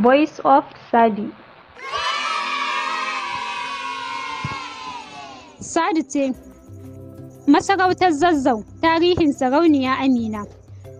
Voice of Sadi. Sadi ce masarautar zazzau tarihin sarauniya Amina.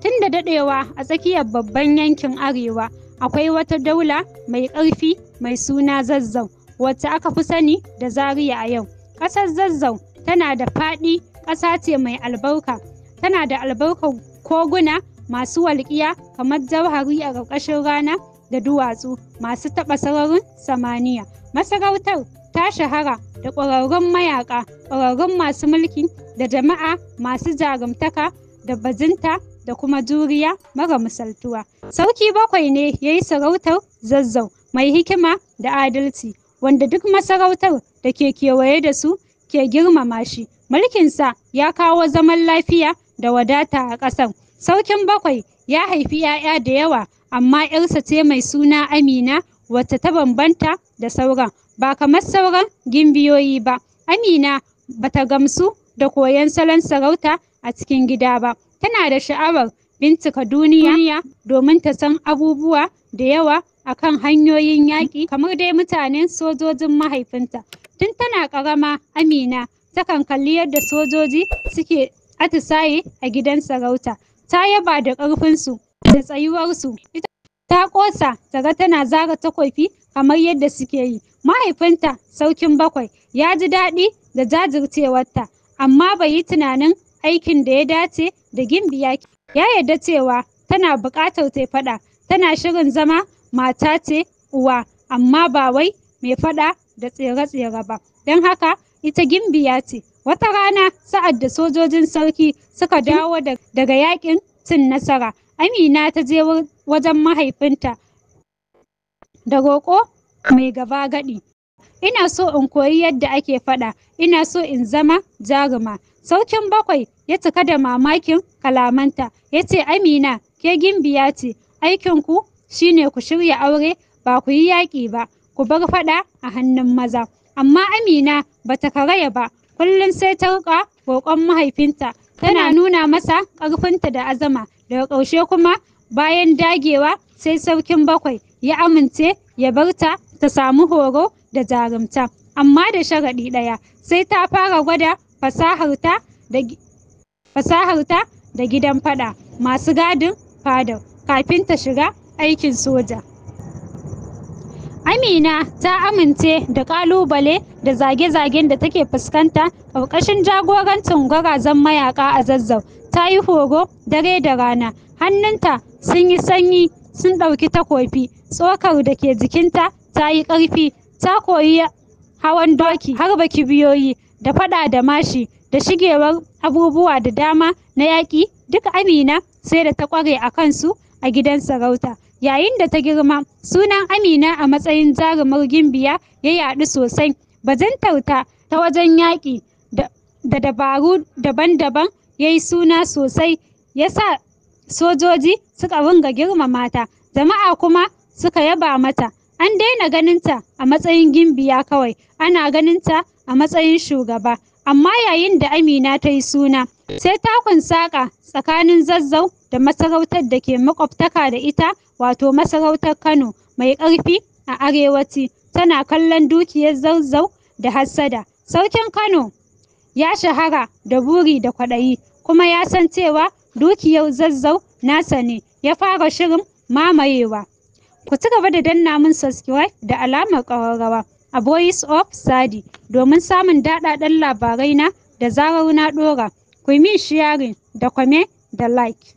Tun da daɗewa a tsakiyar babban yankin Arewa akwai wata daula mai ƙarfi mai suna zazzau wacce aka fi sani da Zaria a yau. Ƙasar zazzau tana da faɗi ƙasa ce mai albarka. Tana da albarkar koguna masu walƙiya kamar jauhari a ƙarƙashin rana da duwatsu masu taɓa sararin samaniya. Masarautar ta shahara da ƙwararrun mayaƙa, ƙwararrun masu mulki da jama'a masu jarumtaka da bazinta da kuma juriya mara misaltuwa. Sarki bakwai ne ya yi sarautar zazzau mai hikima da adalci, wanda duk masarautar da ke kewaye da su ke girmama shi. Mulkinsa ya kawo zaman lafiya da wadata a ƙasar. Sarkin bakwai ya haifi ‘ya'ya da yawa amma 'yarsa ce mai suna Amina wacce ta bambanta da sauran ba kamar sauran gimbiyoyi ba Amina bata gamsu da koyon salon sarauta a cikin gida ba tana da sha'awar bincika duniya domin ta san abubuwa da yawa a kan hanyoyin yaƙi kamar dai mutanen sojojin mahaifinta tun tana ƙarama Amina takan kalli yadda sojoji suke atisaye a gidan sarauta ta yaba da ƙarfinsu da tsayuwarsu ita ta ta ga tana zara takofi kamar yadda suke yi mahaifinta sarkin bakwai ya ji daɗi da jajircewarta amma bai yi tunanin aikin da ya dace da gimbiya ya yarda cewa tana buƙatar ta faɗa tana shirin zama mata ce uwa amma ba wai mai faɗa da tsere-tsere ba don haka ita gimbiya ce wata rana sa'ad da sojojin sarki suka dawo daga yakin cin nasara. Amina ta je wajen mahaifinta da roƙo mai gaba gaɗi. Ina so in koyi yadda ake faɗa, ina so in zama jaruma. Saukin bakwai ya cika da mamakin kalamanta, ya ce Amina, ke gimbiya ce, aikinku ne ku shirya aure ba ku yi yaƙi ba, ku bar faɗa a hannun maza. Amma Amina ba ta karaya ba, kullum sai ta riƙa roƙon mahaifinta tana nuna masa ƙarfinta da azama daga ƙarshe kuma bayan dagewa sai sarkin bakwai ya amince ya barta ta samu horo da jarumta amma da sharaɗi ɗaya sai ta fara gwada fasaharta da fasaharta da gidan faɗa masu gadin fadar kafin ta shiga aikin soja Amina ta amince da ƙalubale da zage-zagen da take fuskanta ƙarƙashin jagorancin gwarazan mayaƙa a zazzau. Ta yi horo dare da rana, hannunta sun yi sanyi sun ɗauki takofi, tsokar da ke jikinta ta yi ƙarfi, ta koyi hawan doki, harba kibiyoyi, da faɗa da mashi, da shigewar abubuwa da dama na yaƙi, duk Amina sai da ta ƙware a kansu a gidan sarauta. Yayin da ta girma, sunan Amina a matsayin jarumar Gimbiya ya yaɗu sosai. Bajintarta ta wajen yaƙi da dabaru daban-daban ya yi suna sosai, ya sa sojoji suka ringa girmama ta, jama'a kuma suka yaba mata. An daina ganinta a matsayin gimbiya kawai, ana ganinta a matsayin shugaba. Amma yayin da Amina ta yi suna, sai takun saƙa tsakanin Zazzau da masarautar da ke makwabtaka da ita wato masarautar Kano mai ƙarfi a arewaci tana kallon dukiyar Zazzau da hassada. Sarkin Kano ya shahara da buri da kwaɗayi kuma ya san cewa dukiyar Zazzau nasa ne ya fara shirin mamayewa. Ku ci gaba da danna mun subscribe da alamar ƙararrawa. a Voice of Sadi domin samun daɗaɗɗen labarai na da zarar na ɗora. Ku yi sharing da kwame da like.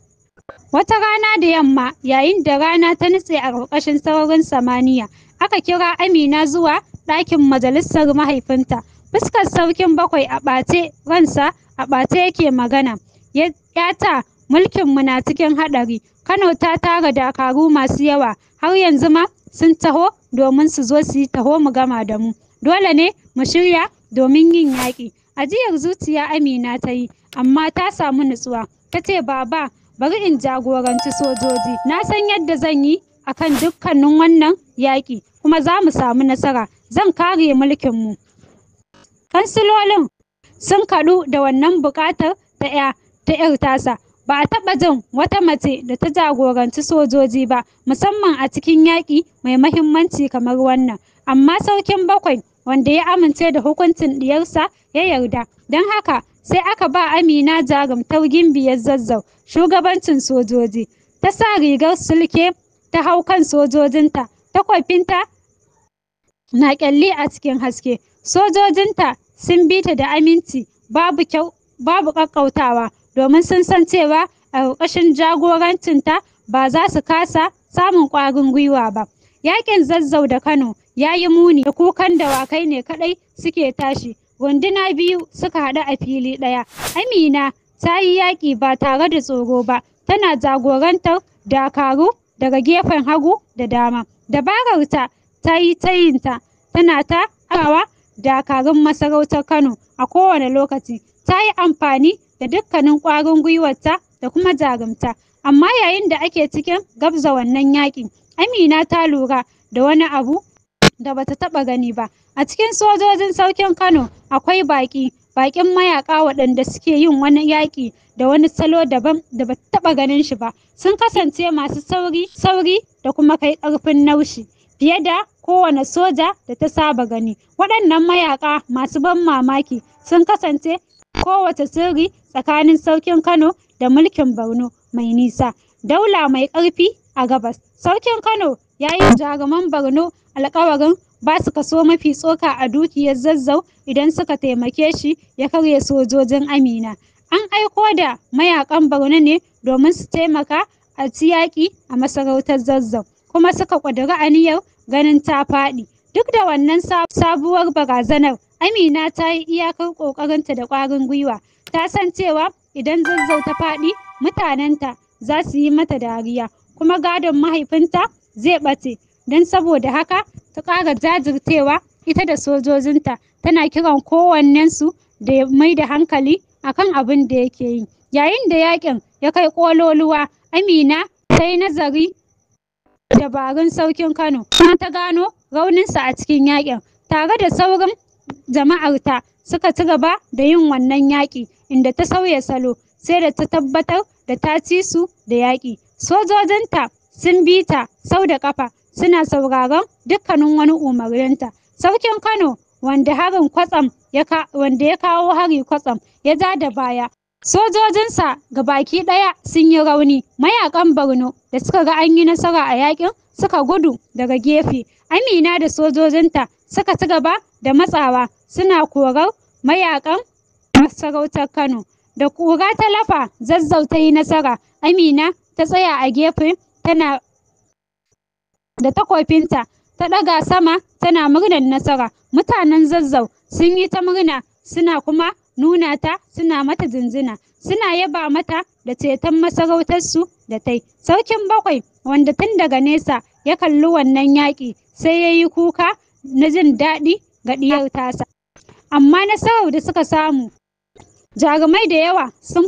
Wata rana da yamma yayin da rana ta nutse a ƙarƙashin sararin samaniya aka kira Amina zuwa ɗakin majalisar mahaifinta. Fuskar sarkin bakwai a ɓace ransa a ɓace yake magana. Yata mulkinmu na cikin haɗari. Kano ta tara dakaru masu yawa har yanzu ma sun taho domin su zo su yi taho mu gama da mu dole ne mu shirya domin yin yaƙi ajiyar zuciya amina ta yi amma ta samu nutsuwa ta ce baba bari in jagoranci sojoji na san yadda zan yi a kan dukkanin wannan yaƙi kuma za mu samu nasara zan kare mulkinmu kansilolin sun kaɗu da wannan buƙatar ta ta 'yar tasa Ba a taɓa jin wata mace da ta jagoranci sojoji ba, musamman a cikin yaƙi mai mahimmanci kamar wannan, amma Sarkin Bakwai, wanda ya amince da hukuncin ɗiyarsa, ya yarda, don haka sai aka ba Amina jarumtar gimbiyar Zazzau shugabancin sojoji. Ta sa rigar sulke ta hau kan sojojinta, takwafinta na ƙyalli a cikin haske. Sojojinta sun bi ta da aminci, babu ƙaƙƙautawa. domin sun san cewa a ƙarƙashin jagorancinta ba za su kasa samun ƙwarin gwiwa ba. Yaƙin zazzau da Kano ya yi muni da kukan dawakai ne kaɗai suke tashi. Runduna biyu suka haɗu a fili ɗaya. Amina ta yi yaƙi ba tare da tsoro ba, tana jagorantar dakaru daga gefen hagu da dama. Dabararta ta yi tayinta tana ta arawa dakarun masarautar Kano a kowane lokaci. Ta yi amfani da dukkanin ƙwarin gwiwarta da kuma jarumta. Amma yayin da ake cikin gabza wannan yaƙin, Amina ta lura da wani abu da bata taɓa gani ba. A cikin sojojin sauƙin Kano akwai baƙi, baƙin mayaƙa waɗanda suke yin wani yaƙi da wani salo daban da bata taɓa ganin shi ba. Sun kasance masu sauri, sauri da kuma kai ƙarfin naushi fiye da kowane soja da ta saba gani. Waɗannan mayaƙa masu ban mamaki sun kasance kowace sirri tsakanin Sarkin Kano da mulkin Borno mai nisa, daula mai ƙarfi a gabas. Sarkin Kano ya yi jaruman Borno alƙawarin ba su kaso mafi tsoka a dukiyar zazzau idan suka taimake shi ya karya sojojin Amina. An aiko da mayaƙan Borno ne domin su taimaka a yaƙi a masarautar zazzau, kuma suka ƙudiri aniyar ganin ta faɗi. Duk da wannan sabuwar barazanar Amina ta yi iyakar ƙoƙarinta da ƙwarin gwiwa. Ta san cewa idan zazzau ta faɗi, mutanenta za su yi mata dariya, kuma gadon mahaifinta zai ɓace. Don saboda haka, ta ƙara jajircewa ita da sojojinta, tana kiran kowannensu da ya mai da hankali a kan abin da yake yi. Yayin da yaƙin ya kai ƙololuwa, Amina ta yi nazari dabarun saukin Kano, kuma ta gano rauninsa a cikin yaƙin. Tare da saurin jama'arta suka ci gaba da yin wannan yaƙi inda ta sauya salo sai da ta tabbatar da ta ci su da yaƙi sojojinta sun bi ta sau da ƙafa suna sauraron dukkanin wani umarninta sarkin kano wanda harin kwatsam wanda ya kawo hari kwatsam ya ja da baya sojojinsa ga baki ɗaya sun yi rauni mayakan borno da suka ga an yi nasara a yaƙin suka gudu daga gefe amina da sojojinta suka ci gaba da matsawa suna korar mayakan masarautar Kano. Da kura ta lafa zazzau ta yi nasara, Amina ta tsaya a gefe tana da takofinta ta ɗaga sama tana murnar nasara. Mutanen zazzau sun yi ta murna suna kuma nuna ta suna mata zinzina suna yaba mata da ceton masarautarsu da tai sarkin bakwai wanda tun daga nesa ya kalli wannan yaƙi sai ya yi kuka na jin daɗi ga ɗiyar tasa amma nasarar da suka samu jarumai da yawa sun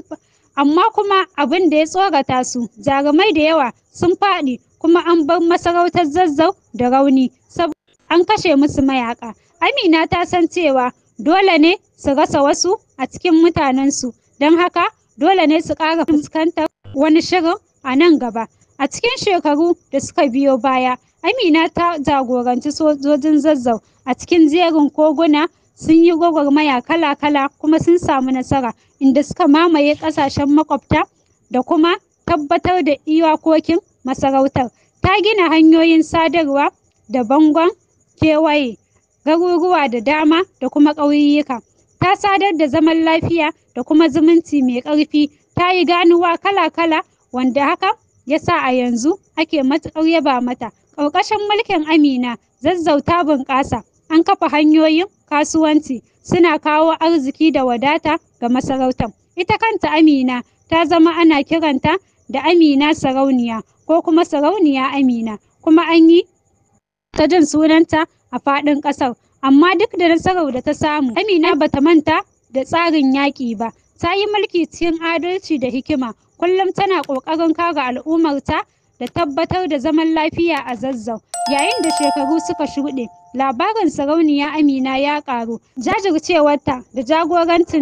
amma kuma abin da ya tsorata su jarumai da yawa sun faɗi kuma an bar masarautar zazzau da rauni saboda an kashe musu mayaƙa. amina ta san cewa dole ne su rasa wasu a cikin mutanensu don haka dole ne su ƙara fuskantar wani shirin a nan gaba a cikin shekaru da suka biyo baya Amina ta jagoranci sojojin zazzau a cikin jerin koguna sun yi gwagwarmaya kala-kala kuma sun samu nasara inda suka mamaye ƙasashen makwabta da kuma tabbatar da iyakokin masarautar. Ta gina hanyoyin sadarwa da bangon kewaye, garuruwa da dama da kuma ƙauyuka. Ta sadar da zaman lafiya da kuma zumunci mai ƙarfi. Ta yi ganuwa kala-kala wanda haka ya sa a yanzu ake matuƙar yaba mata. Ƙarƙashin mulkin Amina, zazzauta bunƙasa, an kafa hanyoyin kasuwanci suna kawo arziki da wadata ga masarautar. Ita kanta Amina ta zama ana kiranta da Amina Sarauniya ko kuma Sarauniya Amina, kuma an yi ta jin sunanta a faɗin ƙasar. Amma duk da nasarar da ta samu, Amina bata manta da tsarin yaƙi ba. Ta yi mulki cikin adalci da hikima, kullum tana ƙoƙarin kare al'ummarta da tabbatar da zaman lafiya a zazzau yayin da shekaru suka shuɗe labarin sarauniya amina ya ƙaru jajircewarta da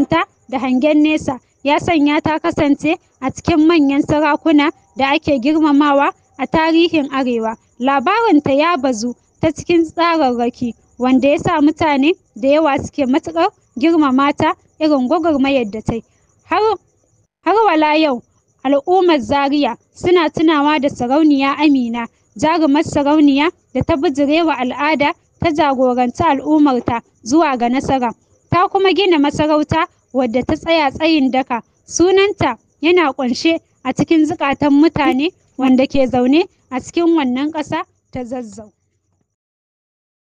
ta da hangen nesa ya sanya ta kasance a cikin manyan sarakuna da ake girmamawa a tarihin arewa labarin ta ya bazu ta cikin tsararraki wanda ya sa mutane da yawa suke matuƙar girmamata irin gwagwarmayar da ta yi har wala yau Al'ummar Zaria suna tunawa da Sarauniya Amina, jarumar sarauniya da ta bijirewa al'ada ta jagoranci al'ummarta zuwa ga nasara, ta kuma gina masarauta wadda ta tsaya tsayin daka. Sunanta yana ƙunshe a cikin zukatan mutane wanda ke zaune a cikin wannan ƙasa ta Zazzau.